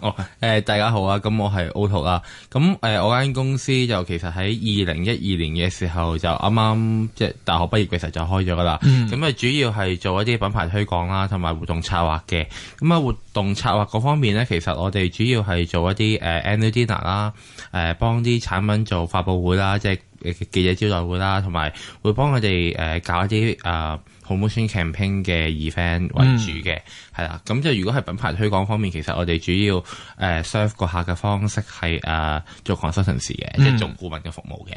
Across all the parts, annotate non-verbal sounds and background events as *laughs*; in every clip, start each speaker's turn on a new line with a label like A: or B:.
A: 哦，誒，大家好啊，咁我係
B: Otto 啦，咁誒，我間公司就其實喺二零一二年嘅時候就啱啱即係大學畢業嘅時候就開咗噶啦，咁啊主要係做一啲品牌推廣啦，同埋活動策劃嘅，咁啊活動策劃嗰方面呢，其實我哋主要係做一啲誒 annual dinner 啦，誒幫啲產品做發佈會啦，即係記者招待會啦，同埋會幫佢哋誒搞一啲啊。promotion campaign 嘅 event 為主嘅，係啦、嗯，咁即係如果係品牌推廣方面，其實我哋主要誒 serve 個客嘅方式係誒、呃、做 consultancy 嘅，嗯、即係做顧問嘅服務嘅。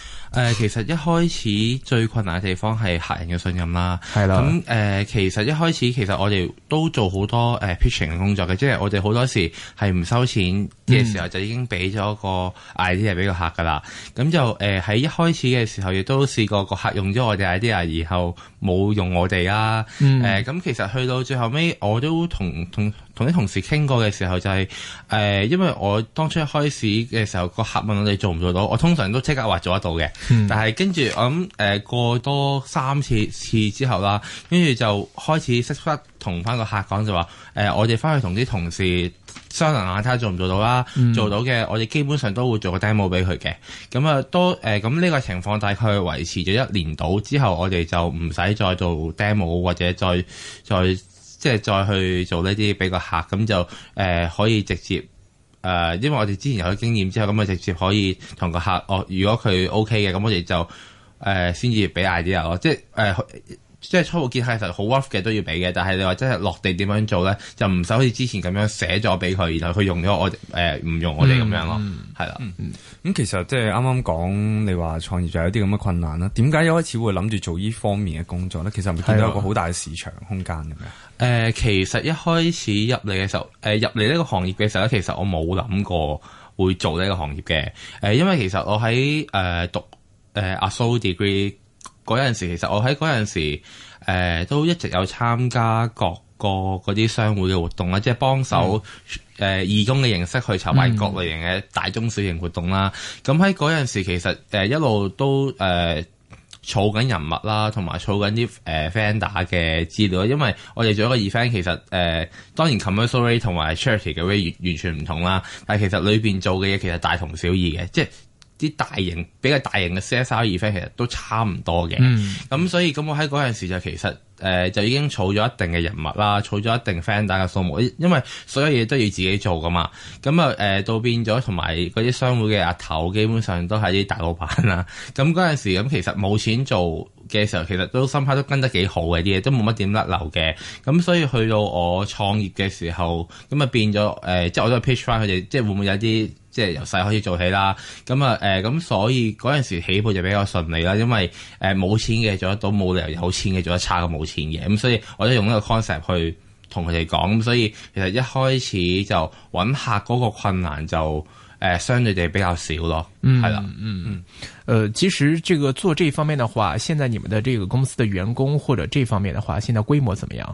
C: 誒、呃，其實一開始
B: 最困難嘅地方係客人嘅信任啦，係啦是的、嗯。咁、呃、誒，其實一開始其實我哋都做好多誒 pitching 嘅工作嘅，即、呃、係、 *music* 呃、我哋好多、呃 *music* 呃、多時係唔收錢。嘅時候就已經俾咗個 idea 俾個客噶啦，咁就誒喺、呃、一開始嘅時候亦都試過個客用咗我哋 idea，然後冇用我哋啊，誒咁、嗯呃、其實去到最後尾，我都同同同啲同事傾過嘅時候就係、是、誒、呃，因為我當初一開始嘅時候個客問我哋做唔做到，我通常都即刻話做得到嘅，嗯、但係跟住我諗誒、呃、過多三次次之後啦，跟住就開始識識同翻個客講就話誒，我哋翻去同啲同事。商量下睇下做唔做到啦？嗯、做到嘅，我哋基本上都會做個 demo 俾佢嘅。咁啊，都誒，咁、呃、呢、這個情況大概維持咗一年度之後，我哋就唔使再做 demo 或者再再即係再去做呢啲俾個客。咁就誒、呃、可以直接誒、呃，因為我哋之前有啲經驗之後，咁啊直接可以同個客哦、呃。如果佢 OK 嘅，咁我哋就誒先至俾 idea 咯。即係誒。即係初步建係其實好 rough 嘅都要俾嘅，但係你話真係落地點樣做咧，就唔使好似之前咁樣寫咗俾佢，然後佢用咗我誒唔、呃、用我哋咁樣咯。
A: 係啦，咁其實即係啱啱講你話創業就有啲咁嘅困難啦。點解一開始會諗住做呢方面嘅工作咧？其實係咪見到一個好大嘅市場空間咁樣？誒、啊呃，其
B: 實一開始入嚟嘅時候，誒、呃、入嚟呢個行業嘅時候咧，其實我冇諗過會做呢個行業嘅。誒、呃，因為其實我喺誒、呃、讀誒阿蘇 degree。嗰陣時其實我喺嗰陣時、呃，都一直有參加各個嗰啲商會嘅活動啦，即係幫手誒義工嘅形式去籌辦各類型嘅大中小型活動啦。咁喺嗰陣時，其實誒、呃、一路都誒儲緊人物啦，同埋儲緊啲誒 vendor 嘅資料，因為我哋做一個 event，其實誒、呃、當然 commercial rate 同埋 charity 嘅 rate 完全唔同啦，但係其實裏邊做嘅嘢其實大同小異嘅，即係。啲大型，比較大型嘅 CSR event，其實都差唔多嘅，咁、嗯、所以咁我喺嗰陣時就其實誒、呃、就已經儲咗一定嘅人物啦，儲咗一定 friend 嘅數目，因為所有嘢都要自己做㗎嘛，咁啊誒到變咗同埋嗰啲商會嘅阿頭基本上都係啲大老闆啦，咁嗰陣時咁其實冇錢做。嘅時候其實都心態都跟得幾好嘅啲嘢都冇乜點甩流嘅，咁所以去到我創業嘅時候咁啊變咗誒、呃，即係我都係 pitch 翻佢哋，即係會唔會有啲即係由細開始做起啦？咁啊誒咁所以嗰陣時起步就比較順利啦，因為誒冇、呃、錢嘅做得到，冇理由有錢嘅做得差過冇錢嘅，咁所以我都用呢個 concept 去同佢哋講，咁所以其實一開始就揾客嗰個困難就。誒、
C: 呃，相對地比較少咯，係啦、嗯，嗯嗯，誒、呃，其實這個做這方面的話，現在你們的這個公司的員工或者這方面的話，現在規模怎麼樣？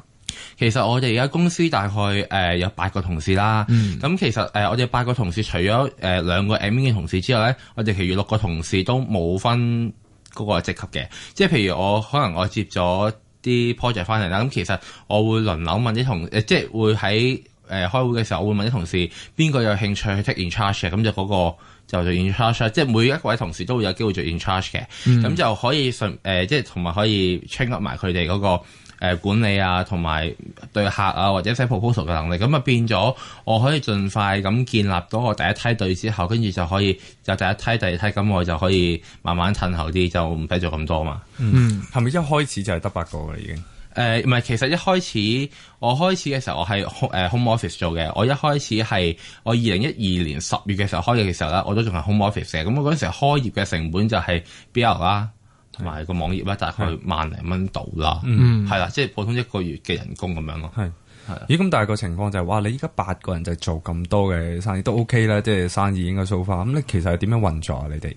C: 其實我哋而
B: 家公司大概誒、呃、有八個同事啦，咁、嗯嗯、其實誒、呃、我哋八個同事除咗誒兩個 M 嘅同事之外咧，我哋其餘六個同事都冇分嗰個職級嘅，即係譬如我可能我接咗啲 project 翻嚟啦，咁、嗯、其實我會輪流問啲同誒，即係會喺。誒、呃、開會嘅時候，我會問啲同事邊個有興趣去 take in charge 嘅，咁就嗰個就做 in charge。即係每一位同事都會有機會做 in charge 嘅，咁、嗯、就可以順誒、呃，即係同埋可以 train up 埋佢哋嗰個、呃、管理啊，同埋對客啊，或者寫 proposal 嘅能力。咁啊變咗，我可以盡快咁建立到我第一梯隊之後，跟住就可以就第一梯、第二梯，咁我就可以慢慢褪後啲，就唔使做咁多嘛。嗯，係咪一開始就係得八個啦已經？誒唔係，其實一開始我開始嘅時候，我係誒 home office 做嘅。我一開始係我二零一二年十月嘅時候開業嘅時候咧，我都仲係 home office 嘅。咁我嗰陣時候開業嘅成本就係 B L 啦，同埋個
A: 網頁咧大概萬零蚊度啦。是嗯，係啦，即係普通一個月嘅人工咁樣咯。係係是。的咦，咁但係個情況就係、是、哇！你依家八個人就做咁多嘅生意都 OK 啦，即係生意應該 so far 咁你其實係點樣運作啊？你哋？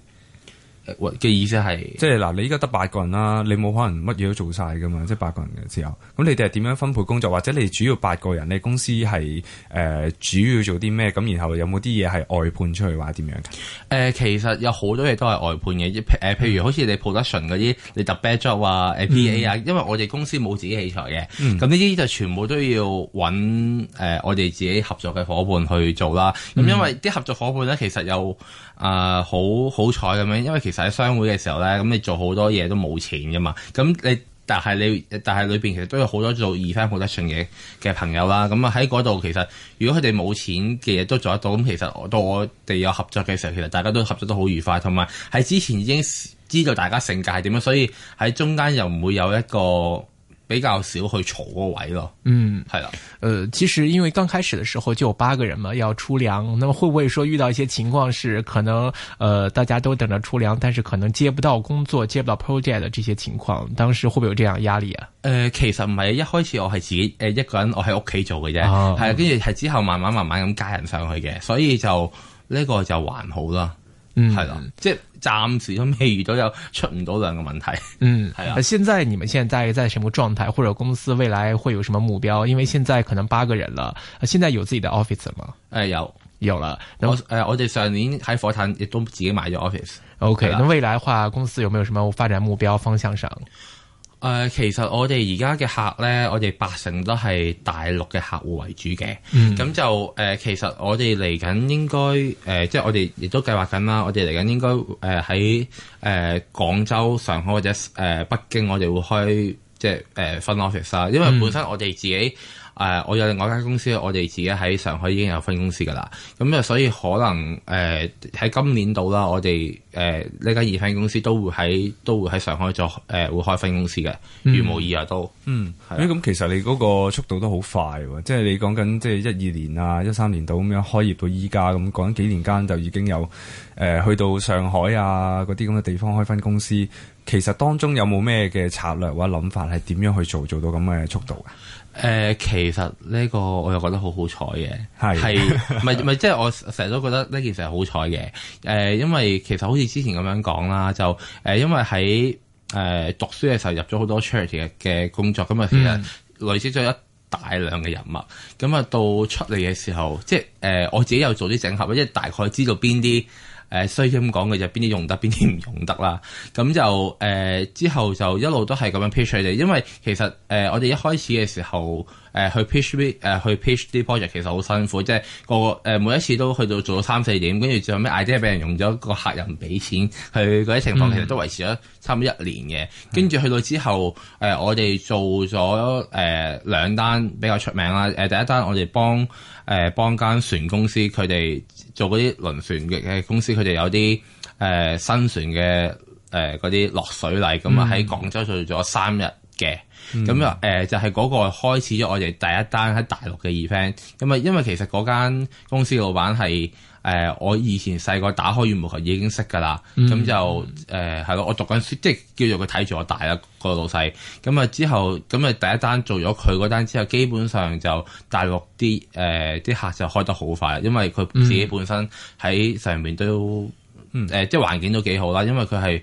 A: 嘅意思係，即係嗱，你依家得八個人啦，你冇可能乜嘢都做晒噶嘛，即係八個人嘅時候，咁你哋係點樣分配工作，或者你主要八個人，你公司係誒、呃、主要做啲咩？咁然後有冇啲嘢係外判出去話點樣噶？誒、呃，其實有好多嘢都係外判嘅，譬、呃、如好似你 production 嗰啲，
B: 你搭 bad job 啊、APA 啊，嗯、因為我哋公司冇自己器材嘅，咁呢啲就全部都要揾誒、呃，我哋自己合作嘅伙伴去做啦。咁、嗯嗯、因為啲合作伙、伙伴咧，其實又啊好好彩咁樣，因為其實喺商會嘅時候咧，咁你做好多嘢都冇錢嘅嘛，咁你但係你但係裏邊其實都有好多做二番冇得順嘢嘅朋友啦，咁啊喺嗰度其實如果佢哋冇錢嘅嘢都做得到，咁其實到我哋有合作嘅時候，其實大家都合作得好愉快，同埋喺之前已經知道大家性格係點樣，所以喺中間又唔會有一個。比較少去嘈個位咯，嗯，係啦的，誒、
C: 呃，其實因為剛開始嘅時候就有八個人嘛，要出糧，那麼會不會說遇到一些情況是可能，誒、呃，大家都等着出糧，但是可能接不到工作，接不到 project 嘅這些情況，當時會不會有這樣壓力啊？
B: 誒、呃，其實唔係，一開始我係自己，誒、呃，一個人我喺屋企做嘅啫，係、啊，跟住係之後慢慢慢慢咁加人上去嘅，所以就呢、這個就還好啦。嗯，係啦，即係暫時都未遇到有出唔到兩個問題。
C: 嗯，係啊的。現在你們現在在什麼狀態？或者公司未來會有什麼目標？因為現在可能八個人了，現在有自己的 office 了嗎？誒、呃，有，有了。然後
B: 誒，我哋上年喺火炭亦都自己買咗 office、嗯。的 OK，咁未
C: 來話公司有沒有什麼發展目標方向上？
B: 誒、呃，其實我哋而家嘅客咧，我哋八成都係大陸嘅客戶為主嘅。咁、嗯、就誒、呃，其實我哋嚟緊應該誒、呃，即係我哋亦都計劃緊啦。我哋嚟緊應該誒喺誒廣州、上海或者誒、呃、北京，我哋會開即係誒、呃、分 office 啦。因為本身我哋自己誒、呃，我有另外一間公司，我哋自己喺上海已經有分公司噶啦。咁啊，所以可能誒喺、呃、今年度啦，我哋。誒，呢間二分公司都會喺都會喺上海做，
A: 誒、呃，會開分公司嘅，如無意外都。嗯，誒的，咁、嗯、其實你嗰個速度都好快啊，即係你講緊即係一二年啊，一三年度咁樣開業到依家，咁講緊幾年間就已經有誒、呃，去到上海啊，嗰啲咁嘅地方開分公司。其實當中有冇咩嘅策略或者諗法，係點樣去做做到咁嘅速度？誒、呃，其實
B: 呢個我又覺得好好彩嘅，係，唔係係，即係我成日都覺得呢件事係好彩嘅。誒、呃，因為其實好似。之前咁樣講啦，就誒、呃，因為喺誒、呃、讀書嘅時候入咗好多 charity 嘅嘅工作，咁啊、嗯、其實累積咗一大量嘅人物，咁啊到出嚟嘅時候，即係誒、呃、我自己又做啲整合，即係大概知道邊啲誒雖然咁講嘅就邊啲用得，邊啲唔用得啦。咁就誒、呃、之後就一路都係咁樣 pitch 佢哋，因為其實誒、呃、我哋一開始嘅時候。誒、呃、去 pitch 啲去 pitch 啲 project 其實好辛苦，即係個誒、呃、每一次都去到做到三四點，跟住最後咩 idea 俾人用咗，個客人俾錢去，佢嗰啲情況其實都維持咗差唔多一年嘅。跟住去到之後，誒、呃，我哋做咗誒兩單比較出名啦。誒、呃、第一單我哋幫誒幫間船公司，佢哋做嗰啲輪船嘅嘅公司，佢哋有啲誒、呃、新船嘅誒嗰啲落水禮咁啊，喺廣州做咗三日嘅。咁又誒就係、是、嗰個開始咗我哋第一單喺大陸嘅 event，咁啊因為其實嗰間公司老闆係誒、呃、我以前細個打開羽毛球已經識㗎啦，咁就誒係咯，我讀緊書，即係叫做佢睇住我大啦、個老細，咁、嗯、啊之後咁啊、嗯、第一單做咗佢嗰單之後，基本上就大陸啲誒啲客就開得好快，因為佢自己本身喺上面都誒、嗯呃、即係環境都幾好啦，因為佢係。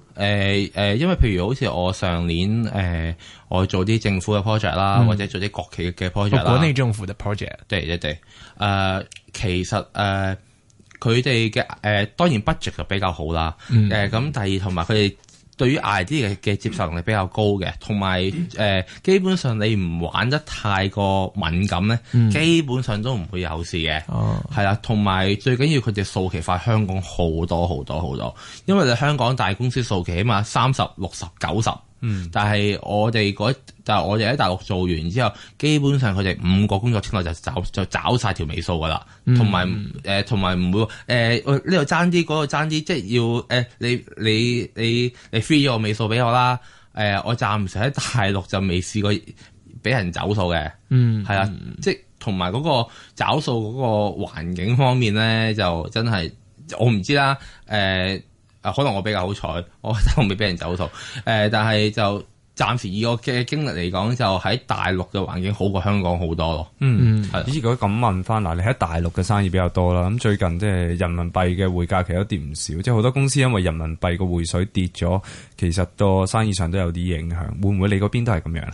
B: 誒誒、呃，因為譬如好似我上年誒、呃，我做啲政府嘅 project 啦，或者做啲國企嘅 project 啦，嗯、國內政
C: 府嘅 project，
B: 對對對，誒、呃，其實誒，佢哋嘅誒，當然 budget 就比較好啦。誒、嗯，咁、呃、第二同埋佢哋。對於 ID 嘅嘅接受能力比較高嘅，同埋誒基本上你唔玩得太過敏感呢，嗯、基本上都唔會有事嘅，係啦、嗯。同埋最緊要佢哋數期快香港好多好多好多，因為你香港大公司數期起碼三十、六十、九十。嗯，但係我哋嗰就我哋喺大陸做完之後，基本上佢哋五個工作天內就找就找晒條尾數噶啦，同埋誒同埋唔會誒呢度爭啲，嗰度爭啲，即係、就是、要誒、呃、你你你你 free 咗個尾數俾我啦，誒、呃、我暫時喺大陸就未試過俾人找數嘅，嗯，係啊，嗯、即係同埋嗰個找數嗰個環境方面咧，就真係我唔知啦，誒、呃。啊，可能我比較好彩，我都未俾人走套。誒，
A: 但係就暫時以我嘅經歷嚟講，就喺大陸嘅環境好過香港好多咯。嗯，係的。如果咁問翻嗱，你喺大陸嘅生意比較多啦。咁最近即係人民幣嘅匯價其實都跌唔少，即係好多公司因為人民幣嘅匯水跌咗，其實個生意上都有啲影響。會唔會你嗰邊都係咁樣啊？
B: 誒、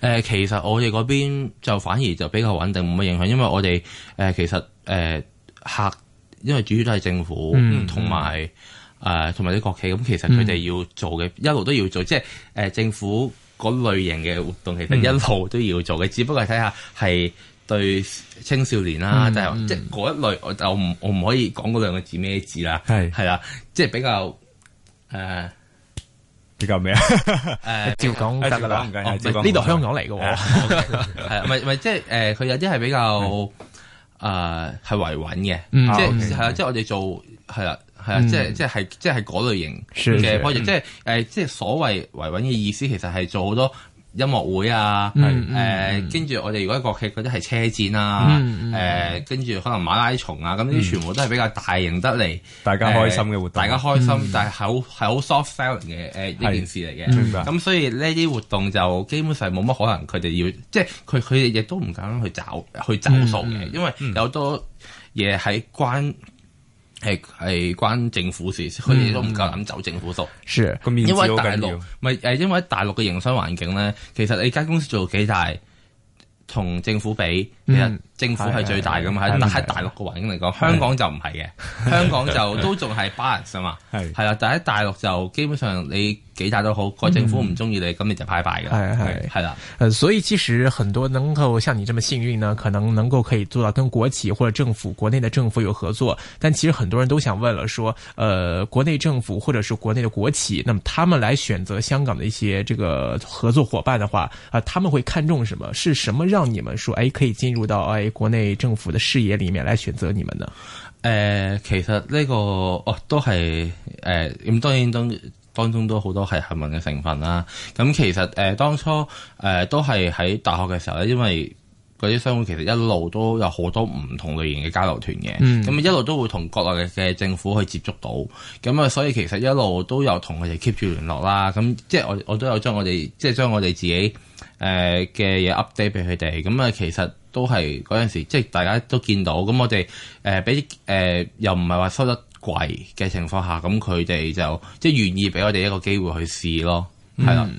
B: 呃，其實我哋嗰邊就反而就比較穩定，冇乜影響，因為我哋誒、呃、其實誒、呃、客，因為主要都係政府同埋，嗯嗯誒，同埋啲國企咁，其實佢哋要做嘅一路都要做，即係誒政府嗰類型嘅活動，其實一路都要做嘅，只不過睇下係對青少年啦，即係即係嗰一類，我就我唔可以講嗰兩個字咩字啦，係係啦，即係比較誒比較咩
C: 啊？誒，照講得噶啦，唔緊要，呢度香港嚟嘅
B: 喎，係咪咪即係誒？佢有啲係比較誒係維穩嘅，即係係啊！即係我哋做係啦。係啊、 *noise* 嗯，即係即係即係嗰類型嘅、 *noise* 嗯、即係誒、呃、即係所謂維穩嘅意思，其實係做好多音樂會啊，誒跟住我哋如果國劇嗰啲係車展啊，誒跟住可能馬拉松啊，咁呢啲全部都係比較大型得嚟， *noise* 大家開心嘅活動，啊，大家開心， *noise* 但係係好 soft selling 嘅誒一件事嚟嘅，咁所以呢啲活動就基本上冇乜可能佢哋要，即係佢佢哋亦都唔敢去找去走數嘅，因為有好多嘢喺關。 *noise* 嗯。係係關政府事，佢哋都唔夠膽走政府
C: 數、嗯。係，因為大陸面
B: 子大，是因為大陸嘅營商環境呢。其實你間公司做幾大，同政府比。其實政府係最大噶嘛，但喺、嗯、大陸嘅環境嚟講，是香港就唔係嘅，是香港就都仲係 balance 啊嘛，係係啦，但喺大陸就基本上你幾大都好，個政府唔中意你，咁、嗯、你就拜拜嘅。係係
C: 係啦，所以其實很多能夠像你這麼幸運呢，可能能夠可以做到跟國企或者政府國內嘅政府有合作，但其實很多人都想問啦，說，誒、呃，國內政府或者是國內嘅國企，那麼他們來選擇香港嘅一些這個合作夥伴嘅話，啊、呃，他們會看重什麼？是什麼讓你們說，誒、哎，可以進？哎哎哎入到誒國內政府嘅視野裏面嚟，選擇你們嘅誒，其實
B: 呢、這個哦都係誒，咁當然當當中都好多係幸運嘅成分啦。咁、嗯、其實誒、呃、當初誒、呃、都係喺大學嘅時候咧，因為嗰啲商會其實一路都有好多唔同類型嘅交流團嘅，咁、嗯嗯、一路都會同國內嘅政府去接觸到。咁、嗯、啊，所以其實一路都有同佢哋 keep 住聯絡啦。咁、嗯、即係我我都有將我哋即係將我哋自己誒嘅嘢 update 俾佢哋。咁、嗯、啊，其實。都係嗰陣時，即係大家都見到，咁我哋誒俾誒又唔係話收
C: 得貴嘅情況下，咁佢哋就即係願意俾我哋一個機會去試咯，係啦、嗯。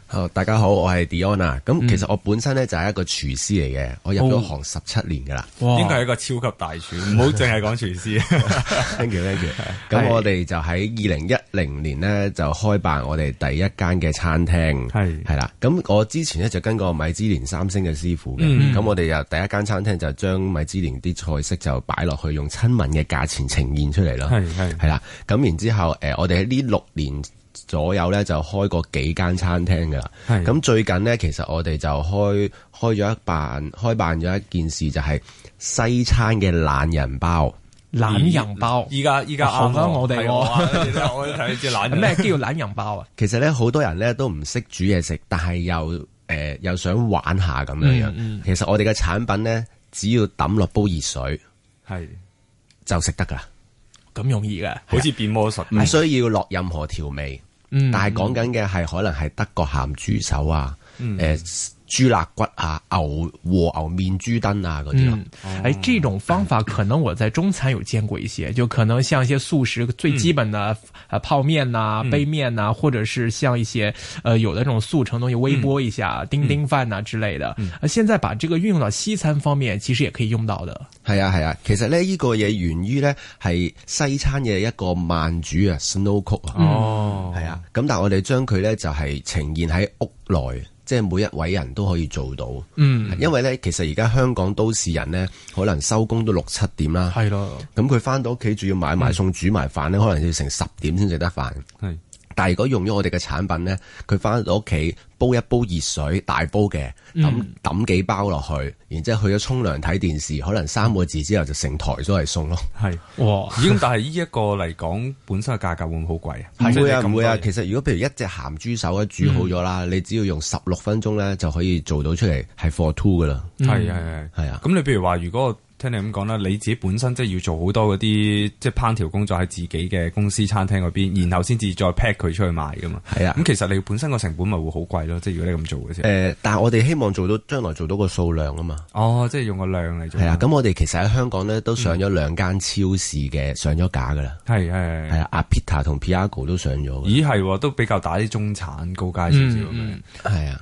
D: 大家好，我係 Dion 啊。咁其實我本身咧就係一個廚師嚟嘅，嗯、我入咗行十七年噶啦。哇，應該係一
A: 個超級大廚，唔好淨係講廚師。
D: 跟 *laughs* 住是，跟住，咁我哋就喺二零一零年呢，就開辦我哋第一間嘅餐廳。係係是啦，咁我之前呢，就跟個米芝蓮三星嘅師傅嘅，咁、嗯、我哋由第一間餐廳就將米芝蓮啲菜式就擺落去，用親民嘅價錢呈現出嚟咯。係係係啦，咁然之後誒，我哋喺呢六年。左右咧就開過幾間餐廳噶啦，咁是的 最近咧其實我哋就開開咗一辦開辦咗一件事就係西餐嘅懶人包，懶人
A: 包，而家而家啱我哋我啊，
C: 咩叫懶人包啊？
D: *laughs* 其實咧好多人咧都唔識煮嘢食，但係又誒、呃、又想玩下咁樣樣。嗯嗯、其實我哋嘅產品咧只要抌落煲熱水，係的就食得噶啦。咁容易嘅，啊、好似變魔術，唔需要落任何調味。
B: 嗯，但係講緊
D: 嘅係可能係德國鹹豬手啊，誒、嗯。呃嗯豬肋骨啊、牛和牛面、豬燈
C: 啊嗰啲，嗯，誒，這種方法可能我在中餐有見過一些，就可能像一些速食最基本的，泡麵啊、杯麵啊，或者是像一些，有的這種速成東西，微波一下、叮叮飯啊之類的。啊，現在把這個運用到西餐方面，
D: 其實也可以用到的。係啊係啊，其實咧呢個嘢源於呢係西餐嘅一個慢煮啊 slow cook 啊。哦。係啊，咁但係我哋將佢呢就係呈現喺屋內。即係每一位人都可以做到，嗯，因為咧，其實而家香港都市人咧，可能收工都六七點啦，係咯的，咁佢翻到屋企，仲要買埋餸、嗯、煮埋飯咧，可能要成十點先食得飯，係。但如果用咗我哋嘅產品咧，佢翻到屋企煲一煲熱水，大煲嘅，抌抌幾包落去，然之後去咗沖涼睇電視，可能三個字之後就成枱都係送咯。係
A: 哇，已經 *laughs* 但係呢一個嚟
D: 講，本身嘅價格會唔會好貴啊？唔會啊，唔會啊。其實如果譬如一隻咸豬手咧煮好咗啦，嗯、你只要用十六分鐘咧就可以做到出嚟係 four two 噶啦。係係係係啊。
A: 咁你譬如話如果。聽你咁講啦，你自己本身即係要做好多嗰啲即係烹調工作喺自己嘅公司餐廳嗰邊，然後先至再 pack 佢出去賣噶嘛係啊，咁其實你本身個成本咪會
D: 好貴咯，即係如果你咁做嘅時候。誒、呃，但係我哋希望做到將來做到個數量啊嘛。
A: 哦，即係用個
D: 量嚟做量。係啊，咁我哋其實喺香港咧都上咗兩間超市嘅、嗯、上咗架噶啦。係係係啊，阿 Pita 同 Piago 都上咗。咦，係、啊、都比較打啲中產高階少少。嗯，係啊。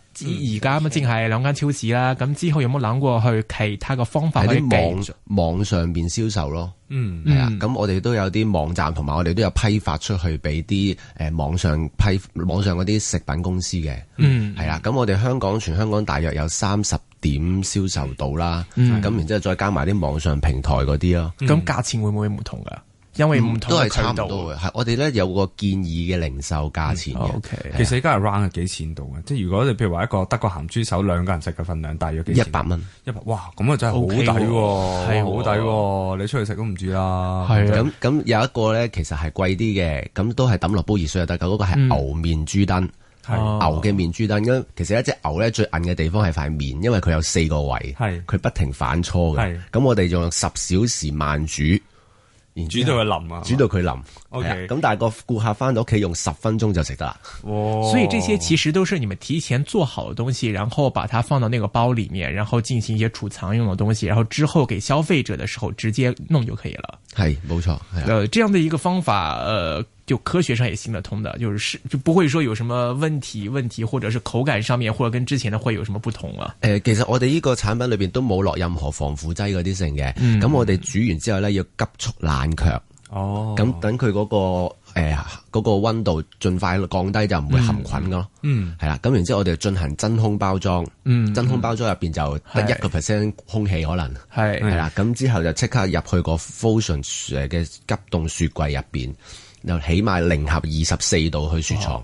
C: 而家咪淨係兩間超市啦，咁之後有冇諗過去其他嘅方法喺啲網
D: 網上邊銷售咯？嗯，係啊的，咁、嗯、我哋都有啲網站，同埋我哋都有批發出去俾啲誒網上批網上嗰啲食品公司嘅。嗯，係啦，咁我哋香港全香港大約有三十點銷售到啦。咁、嗯、然之後再加埋啲網上平台嗰啲咯。咁價、嗯嗯、
C: 錢會唔會唔同噶？因為唔同係差唔多嘅，
D: 係我哋咧有個建議嘅零售價
A: 錢嘅。其實而家係 run 係幾錢度啊？即係如果你譬如話一個德國咸豬手，兩個人食嘅份量
D: 大約幾錢？一百蚊，
A: 一百，哇！咁啊真係好抵，好抵！
D: 你出去食都唔止啦。係咁咁有一個咧，其實係貴啲嘅，咁都係抌落煲熱水就得。嗰個係牛面豬燈，係牛嘅面豬燈。咁其實一隻牛咧最硬嘅地方係塊面，因為佢有四個胃，係佢不停反芻嘅。咁我哋用十小時慢煮。煮到佢淋 Okay. 啊，煮到佢淋。OK，咁但係個顧客翻到屋企用十分鐘就食得啦。Oh. 所以這些
C: 其實都是你們提前做好的東西，然後把它放到那個包裏面，然後進行一些儲藏用的東西，然後之後給消費者的時候直接弄就可以了。
D: 係，冇 *noise* 錯樂。係，啊、
C: 這樣的一個方法，誒、呃。就科學上也行得通的，就是就不會說有什麼問題問題，或者是口感上面或者跟之前的會有什麼不同啊？
D: 誒、呃，其實我哋呢個產品裏邊都冇落任何防腐劑嗰啲剩嘅，咁、嗯、我哋煮完之後呢，要急速冷卻哦、那個，咁等佢嗰個誒個温度盡快降低就唔會含菌噶咯、嗯，嗯，嗯，係啦，咁然之後我哋進行真空包裝，真空包裝入邊就得一個 percent 空氣可能係係啦，咁之後就即刻入去個 frozen 嘅急凍雪櫃入邊。又起碼零下二十四度去雪藏。Oh.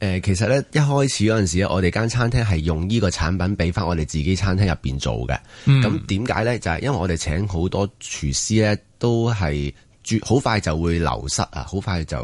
D: 誒，其實咧，一開始嗰陣時咧，我哋間餐廳係用呢個產品俾翻我哋自己餐廳入邊做嘅。咁點解咧？就係因為我哋請好多廚師咧，都係。好快就會流失啊，好快就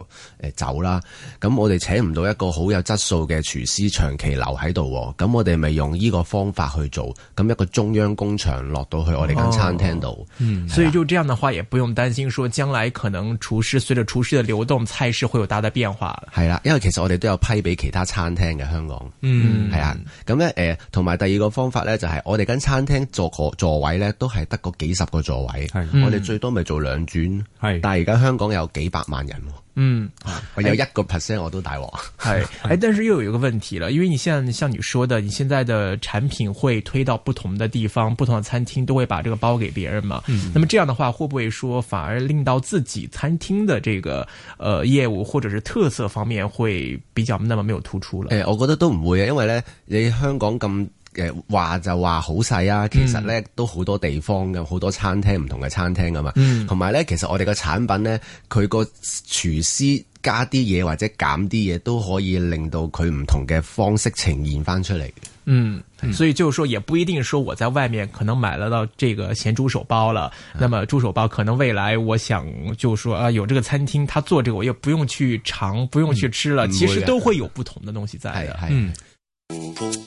D: 誒走啦。咁我哋請唔到一個好有質素嘅廚師長期留喺度，咁我哋咪用呢個方法去做，咁一個中央工場落到去我哋間餐廳度。哦嗯、的所以就這樣的話，也不用
C: 擔心說，說將來可能廚師隨着廚師嘅流動，菜式會有大的變化。
D: 係啦，因為其實我哋都有批俾其他餐廳嘅香港。嗯，係啊。咁咧誒，同、呃、埋第二個方法呢，就係、是、我哋間餐廳坐個座位呢，都係得個幾十個座位。嗯、我哋最多咪做兩轉。但係而家香港有幾百萬人，嗯，
B: 我有一
D: 個 percent 我都大鑊，
C: 係是，誒， *laughs* 但是又有一個問題啦，因為你現在像你說的，你現在的產品會推到不同的地方，不同嘅餐廳都會把這個包給別人嘛，嗯、那麼這樣的話會不會說反而令到自己餐廳的這個誒、呃、業務或者是特色方面會比較那麼沒有突出
D: 了？誒，我覺得都唔會啊，因為呢你香港咁。誒，話就話好細啊，其實呢都好多地方嘅，好多餐廳唔同嘅餐廳啊嘛。同埋、嗯、呢，其實我哋嘅產品呢，佢個廚師加啲嘢，或者減啲嘢，都可以令到佢唔同嘅方式呈現返出嚟。嗯，
C: 是所以就說也不一定說我在外面可能買得到這個咸豬手包了。嗯、那麼豬手包可能未來我想就說啊，有這個餐廳，他做這個我又不用去嘗，不用去吃了，嗯啊、其實都會有不同的東西在嗯。嗯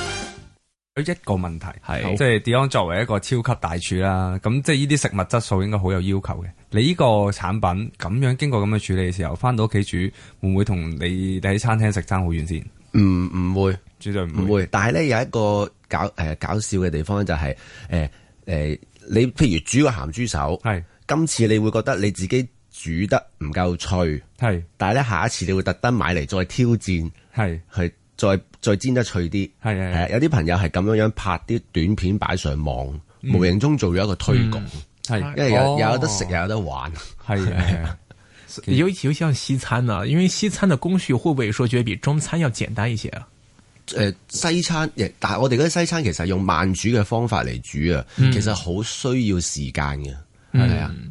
A: 有一個問題係，是即係 Dion 作為一個超級大廚啦，咁即係呢啲食物質素應該好有要求嘅。你呢個產品咁樣經過咁嘅處理嘅時候，翻到屋企煮，
D: 會唔會同你喺餐廳食差好遠先？唔，唔會，絕對唔會，會。但係呢，有一個搞誒、啊、搞笑嘅地方就係、是，誒、呃、誒、呃，你譬如煮個鹹豬手，係是今次你會覺得你自己煮得唔夠脆，係是，但係呢，下一次你會特登買嚟再挑戰，係去是。是再再煎得脆啲，係啊是的、嗯，係啊，有啲朋友係咁樣樣拍啲短片擺上網，嗯、無形中做咗一個推廣，
C: 係、嗯，因為有、哦、有得食，又有得玩，係啊。尤尤其係西餐啊，因為西餐嘅工序，會唔會說覺得比中餐要簡單一些
D: 啊？誒、嗯，西餐，但係我哋嗰啲西餐其實用慢煮嘅方法嚟煮啊，其實好需要時間嘅，係啊、嗯。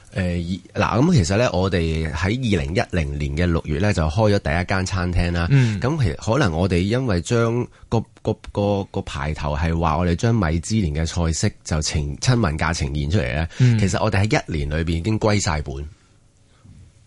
D: 誒，嗱，咁其實咧，我哋喺二零一零年嘅六月咧就開咗第一間餐廳啦。咁其實可能我哋因為將個個個個牌頭係話我哋將米芝蓮嘅菜式就呈親民價呈現出嚟咧，其實我哋喺一年裏邊已經歸晒本。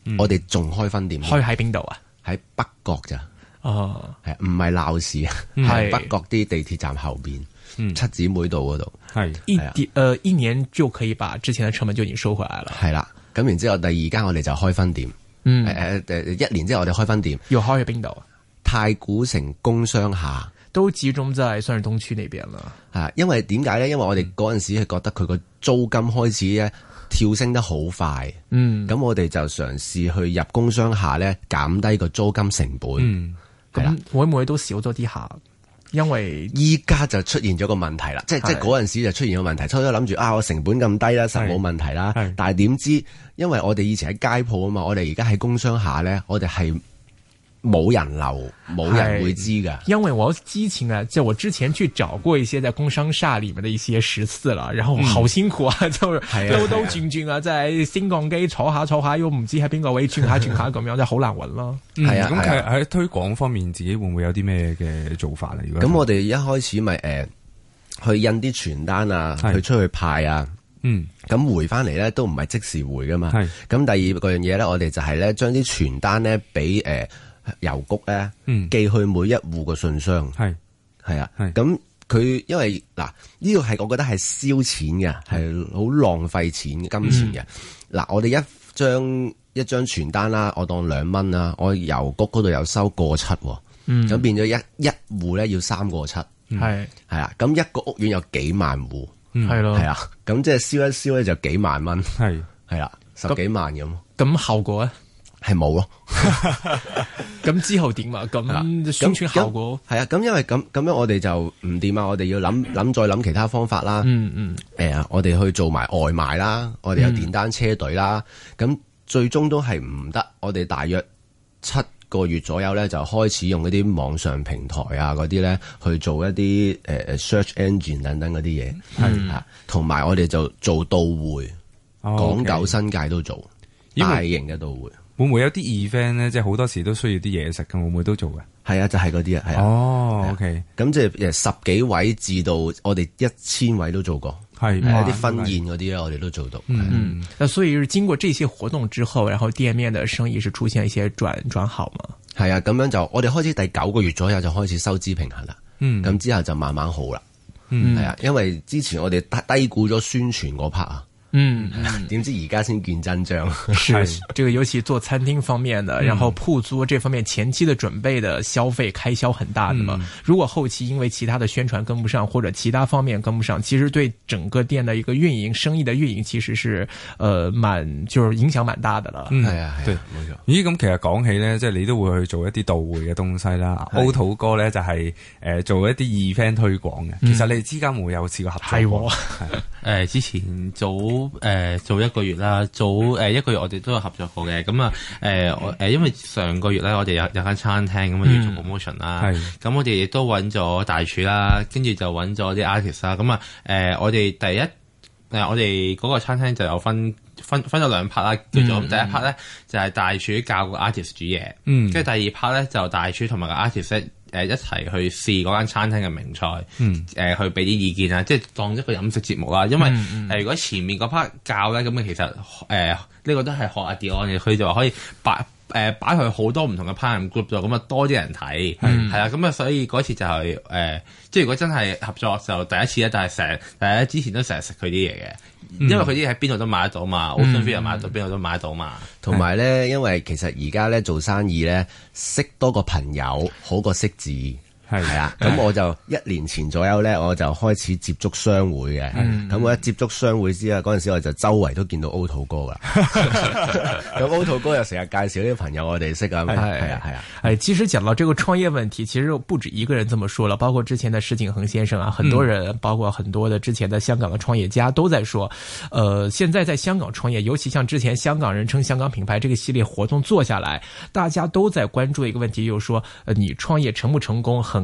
D: 嗯、我哋仲開分店，開喺邊度啊？喺北角咋？哦，係唔係鬧市啊？係是 *laughs* 北角啲地鐵站後邊。七姊妹道嗰度係一啲，誒，一年就可以把之前嘅成本就已經收回來了。係啦、嗯，咁然之後第二間我哋就開分店，嗯、呃，誒一年之後我哋開分店，要開去邊度啊？太古城工商下都始終即係相對東區呢邊啦，係因為點解咧？因為我哋嗰陣時係覺得佢個租金開始咧跳升得好快，嗯，咁我哋就嘗試去入工商下咧減低個租金成本，
C: 嗯，
D: 咁會唔會都少咗啲客？因為依家就出現咗個問題啦是的，即係即係嗰陣時就出現咗問題，是的 初初諗住啊，我成本咁低啦，實冇問題啦，是的 但係點知，因為我哋以前喺街鋪啊嘛，我哋而家喺工商下咧，我哋係。冇人留，冇人會知噶。
C: 因為我之前咧，就我之前去找過一些在工商廈裏面的一些食肆啦，然後好辛苦啊，就兜兜轉轉啊，即係升降機坐下坐下，又唔知喺邊個位，轉下轉下咁樣，就好難搵咯。係啊，咁佢喺
A: 推廣方面自己會唔會有啲咩嘅做
D: 法嚟？咁，我哋一開始咪誒去印啲傳單啊，去出去派啊。嗯。咁回翻嚟咧都唔係即時回噶嘛。係。咁第二嗰樣嘢咧，我哋就係咧將啲傳單咧俾誒。郵局咧寄去每一戶嘅信箱，係係啊，咁佢因為嗱呢度係我覺得係燒錢嘅，係好浪費錢金錢嘅。嗱，我哋一張一張傳單啦，我當兩蚊啦，我郵局嗰度有收過七，咁變咗一一戶咧要三個七，係係啊，咁一個屋苑有幾萬戶，係咯，係啊，咁即係燒一燒咧就幾萬蚊，係係啊，十幾萬咁。咁後果咧？係冇咯，咁 *laughs*
C: *laughs* 之後點啊？咁這樣 宣傳效果
D: 係啊，咁因為咁咁樣，樣我哋就唔掂啊！我哋要諗諗，想再諗其他方法啦、嗯。嗯嗯。誒啊、欸，我哋去做埋外賣啦，我哋有電單車隊啦。咁、嗯嗯、最終都係唔得。我哋大約七個月左右咧，就開始用嗰啲網上平台啊，嗰啲咧去做一啲誒誒 search engine 等等嗰啲嘢。係啊、嗯，同埋我哋就做到會，港九新界都做大型嘅到會。嗯
A: 會唔會有啲 event 咧？即係好多時都需要啲嘢食嘅，會唔會都做嘅？係啊，就係嗰啲啊，係啊。哦，OK。
D: 咁即係誒十幾位至到我哋一千位都做過，係。誒，啲婚宴嗰啲咧，我哋都做到。
A: 嗯。啊、嗯，所
C: 以是經過這些活動之後，然後店面的生意是出現一些轉轉好嘛？
D: 係啊，咁樣就我哋開始第九個月左右就開始收支平衡啦。嗯。咁之後就慢慢好啦。嗯。係啊，因為之前我哋低估咗宣傳嗰 part 啊。 *noise* 嗯，點知而家先見真章？是， *laughs*
C: 這個尤其做餐廳方面的，然後鋪租這方面前期的準備的消費開銷很大的嘛。嗯、如果後期因為其他的宣傳跟不上，或者其他方面跟不上，其實對整個店的一個運營、生意的運營，其實是，呃，
A: 蠻、嗯，就是影響蠻大的啦。嗯，係啊，對，冇錯。咦，咁其實講起呢，即係你都會去做一啲到會嘅東西啦。Otto、啊、哥呢，就係、是，誒、呃，做一啲二 Fan 推廣嘅。其實你哋之間會有試過合作？係、啊，誒，之前早。誒、呃，做一個月啦，
B: 做誒、呃、一個月，我哋都有合作過嘅。咁啊，誒、呃，我、呃、誒，因為上個月咧，我哋有有間餐廳咁啊，要做 promotion 啦。係、嗯，咁我哋亦都揾咗大廚啦，跟住就揾咗啲 artist 啦。咁啊，誒、呃，我哋第一誒、呃，我哋嗰個餐廳就有分分分咗兩 part 啦，叫做第一 part 咧、嗯、就係大廚教個 artist 煮嘢，跟住、嗯、第二 part 咧就大廚同埋個 artist。誒一齊去試嗰間餐廳嘅名菜，誒、嗯呃、去俾啲意見啊！即係當一個飲食節目啦。因為誒、嗯嗯呃，如果前面嗰 part 教咧，咁嘅其實誒呢、呃呢個都係學阿 Dion 嘅，佢、嗯、就話可以八。誒擺佢好多唔同嘅 partner group 度，咁啊多啲人睇，係啊的，咁啊所以嗰次就係、是、誒、呃，即係如果真係合作就第一次咧，但係成誒之前都成日食佢啲嘢嘅。嗯、因為佢啲嘢喺邊度都買得到嘛，Ocean View 又買到，邊度都買得到嘛。
D: 同埋咧，因為其實而家咧做生意咧，識多個朋友好過識字。係係啦，咁我就一年前左右呢，我就開始接觸商會嘅。咁我一接觸商會之後，嗰陣時我就周圍都見到 Otto 哥啦。咁 Otto 哥又成日介紹呢啲朋友我哋識啊。係啊係啊。誒，
C: 其實講到這個創業問題，其實又不止一個人這麼說了，包括之前的石景恒先生啊，很多人，包括很多的之前的香港嘅創業家都在說，誒，現在在香港創業，尤其像之前香港人稱香港品牌這個系列活動做下來，大家都在關注一個問題，就是說，誒，你創業成不成功？很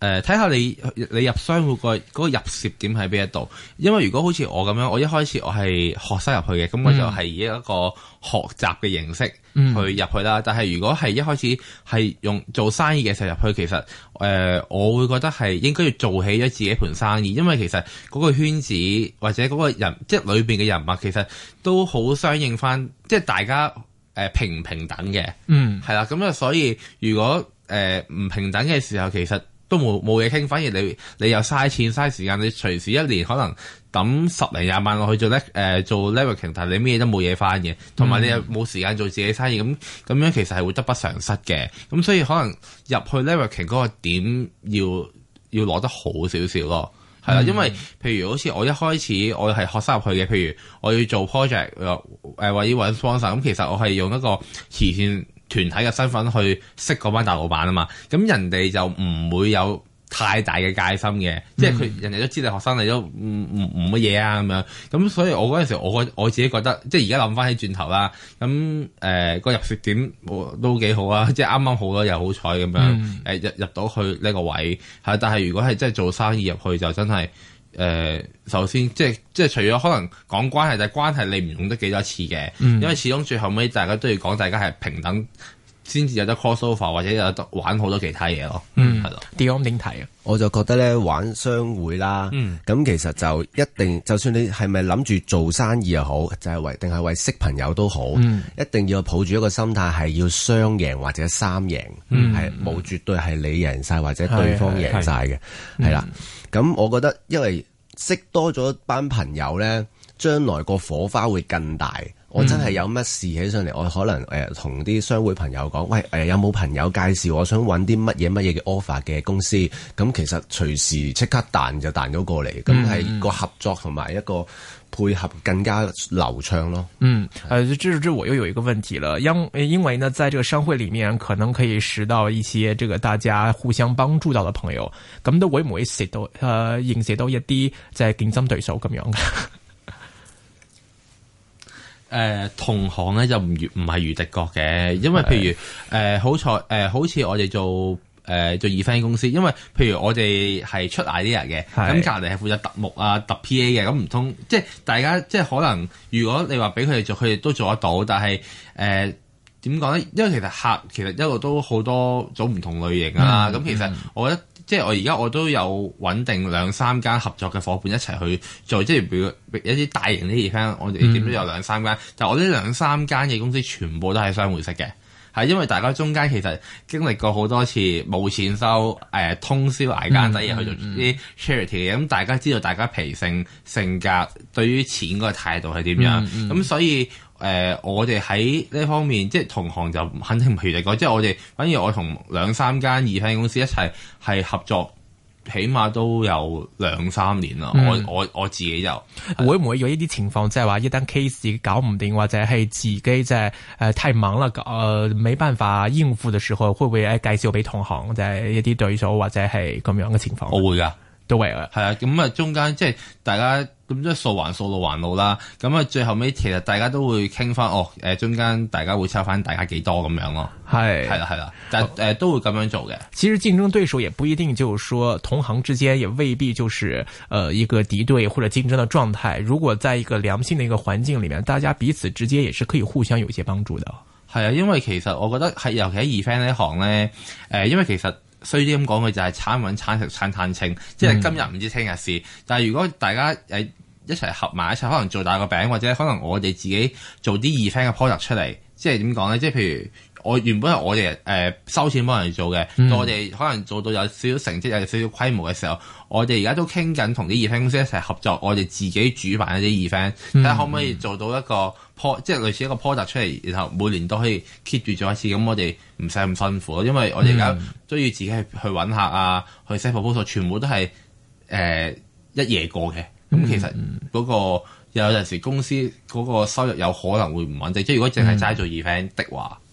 B: 誒睇下你你入商會個嗰入蝕點喺邊一度？因為如果好似我咁樣，我一開始我係學生入去嘅，咁我就係以一個學習嘅形式去入去啦。但係如果係一開始係用做生意嘅時候入去，其實誒、呃、我會覺得係應該要做起咗自己一盤生意，因為其實嗰個圈子或者嗰個人即係裏邊嘅人物，其實都好相應翻，即係大家誒、呃、平唔平等嘅、嗯，嗯，係啦。咁啊，所以如果誒唔、呃、平等嘅時候，其實都冇冇嘢傾，反而你你又嘥錢嘥時間，你隨時一年可能抌十零廿萬落去做咧，誒、呃、做 l e v e r a i n g，但係你咩都冇嘢翻嘅，同埋你又冇時間做自己生意，咁咁樣其實係會得不償失嘅。咁所以可能入去 l e v e r a i n g 嗰個點要要攞得好少少咯，係啦，嗯、因為譬如好似我一開始我係學生入去嘅，譬如我要做 project，誒話要揾 sponsor，咁其實我係用一個慈善。團體嘅身份去識嗰班大老闆啊嘛，咁人哋就唔會有太大嘅戒心嘅，即係佢人哋都知你學生嚟咗唔唔唔乜嘢啊，咁樣，咁所以我嗰陣時我我自己覺得，即係而家諗翻起轉頭啦，咁誒，呃個入食點都幾好啊，即係啱啱好啦，又好彩咁樣誒入入到去呢個位嚇，但係如果係真係做生意入去就真係。誒、呃，首先即係即係除咗可能講關係，但係關係你唔用得幾多次嘅。嗯、因為始終最後尾大家都要講，大家係平等。先至有得 crossover，或者有得玩好多其他嘢咯。嗯係，對，係
D: 咯，跌咗點睇啊？我就覺得咧，玩商會啦，嗯，咁其實就一定，就算你係咪諗住做生意又好，就係、是、為定係為識朋友都好，嗯、一定要抱住一個心態係要雙贏或者三贏，係冇、嗯、絕對係你贏晒或者對方贏晒嘅，係啦。咁我覺得，因為識多咗班朋友咧，將來個火花會更大。更我真係有乜事起上嚟，我可能誒同啲商會朋友講，喂誒、呃、有冇朋友介紹，我想揾啲乜嘢乜嘢嘅 offer 嘅公司，咁、嗯、其實隨時即刻彈就彈咗過嚟，咁、嗯、係個合作同埋一個配合更加流暢咯。嗯，誒朱朱，我又有一個問題啦，因因為呢，在這個商
C: 會裡面，可能可以識到一些這個大家互相幫助到的朋友，咁都會唔會識到誒認識到一啲即係競爭對手咁樣嘅？ *laughs*
B: 誒、呃、同行咧就唔如唔係如敵國嘅，因為譬如誒好彩誒，好似、呃、我哋做誒、呃、做二公司，因為譬如我哋係出 idea 嘅，咁隔籬係負責特目啊特 PA 嘅，咁唔通即係大家即係可能，如果你話俾佢哋做，佢哋都做得到，但係誒點講咧？因為其實客其實一路都好多種唔同類型啊。咁、嗯嗯、其實我覺得。即係我而家我都有穩定兩三間合作嘅伙伴一齊去做，即係譬如一啲大型啲 e v 我哋點都有兩三間，但係我呢兩三間嘅公司全部都係相互式嘅，係因為大家中間其實經歷過好多次冇錢收，誒通宵捱更仔而去做啲 charity 嘅、嗯，咁、嗯、大家知道大家脾性性格對於錢嗰個態度係點樣，咁、嗯嗯、所以。誒、呃，我哋喺呢方面，即係同行就肯定唔如你講。即係我哋反而我同兩三間二番公司一齊係合作，起
C: 碼都有兩三年啦、嗯。我我我自己就會唔會有果呢啲情況，即係話一單 case 搞唔掂，或者係自己即係誒太忙啦，誒、呃、冇辦法應付嘅時候，會唔會誒介紹俾同行，即係一啲對手或者係咁樣嘅情況？我會噶。都喎，係啊，咁、嗯、啊，中間即係大家咁即係數還數，路還路啦，
B: 咁啊，最後尾其實大家都會傾翻，哦，誒，中間大家會差翻，大家幾多咁樣咯，
C: 係是，係啦、啊，係
B: 啦、啊，但誒、呃、都會咁樣做嘅。
C: 其實競爭對手也不一定，就是說同行之間也未必就是，誒，一個敵對或者競爭嘅狀態。如果在一個良性嘅一個環境裏面，大家彼此之間也是可以互相有些幫助嘅。係啊，因為其實我覺得
B: 係，尤其喺 event 呢行咧，誒、呃，因為其實。衰啲咁講嘅就係餐揾餐食餐餐清，即係今日唔知聽日事。但係如果大家誒一齊合埋一齊，可能做大個餅，或者可能我哋自己做啲二番嘅 product 出嚟。即係點講咧？即係譬如我原本係我哋誒、呃、收錢幫人做嘅，嗯、我哋可能做到有少少成績、有少少規模嘅時候，我哋而家都傾緊同啲耳返公司一齊合作，我哋自己主辦一啲耳返，睇下可唔可以做到一個、嗯嗯、即係類似一個 project 出嚟，然後每年都可以 keep 住做一次，咁我哋唔使咁辛苦咯，因為我哋而家都要自己去去揾客啊，去 set up 全部都係誒、呃、一夜過嘅。咁其實嗰、那個。嗯嗯嗯有陣時公司嗰個收入有可能會唔穩定，即係如果淨係齋做二 v 的話。嗯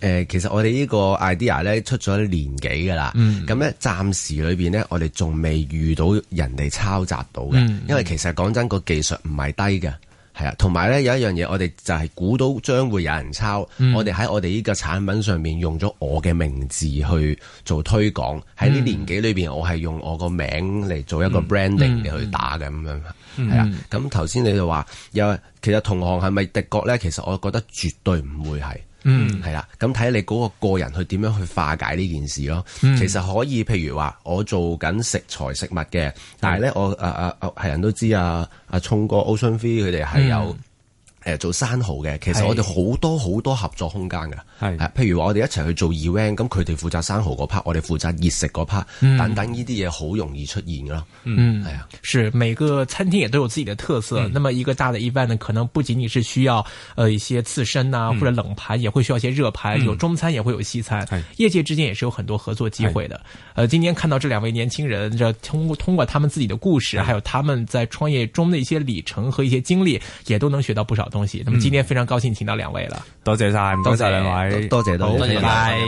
D: 誒，其實我哋呢個 idea 咧出咗年幾噶啦，咁咧暫時裏邊呢，我哋仲未遇到人哋抄襲到嘅，嗯嗯、因為其實講真個技術唔係低嘅，係啊，同埋咧有一樣嘢，我哋就係估到將會有人抄，嗯、我哋喺我哋呢個產品上面用咗我嘅名字去做推廣，喺呢年幾裏邊，我係用我個名嚟做一個 branding 嘅、嗯嗯、去打咁樣，
B: 係啊，
D: 咁頭先你就話又，其實同行係咪敵國咧？其實我覺得絕對唔會係。嗯，係啦，咁睇你嗰個個人去點樣去化解呢件事咯。嗯、其實可以，譬如話我做緊食材食物嘅，但係咧、嗯、我啊啊係人都知啊，阿、啊、聰哥 Ocean Free 佢哋係有。嗯誒做生蚝嘅，其實我哋好多好多合作空間嘅，係是，譬如話我哋一齊去做 event，咁佢哋負責生蠔嗰 part，我哋負責熱食嗰 part，嗯、等等呢啲嘢好容易出現啦。嗯，係啊，是每個餐廳也都有自己的特
C: 色，嗯、那麼一個大的 event 呢，可能不僅僅是需要，呃，一些刺身啊，或者冷盤，也會需要一些熱盤，有、嗯、中餐也會有西餐，嗯、業界之間也是有很多合作機會的。呃是，今天看到這兩位年輕人，就通通過他們自己的故事，是還有他們在創業中的一些里程和一些經歷，也都能學到不少東西。恭喜，那麼今天非常高興請到兩位了，
A: 多謝晒，多
C: 謝兩位，多謝好多謝，拜拜，拜拜。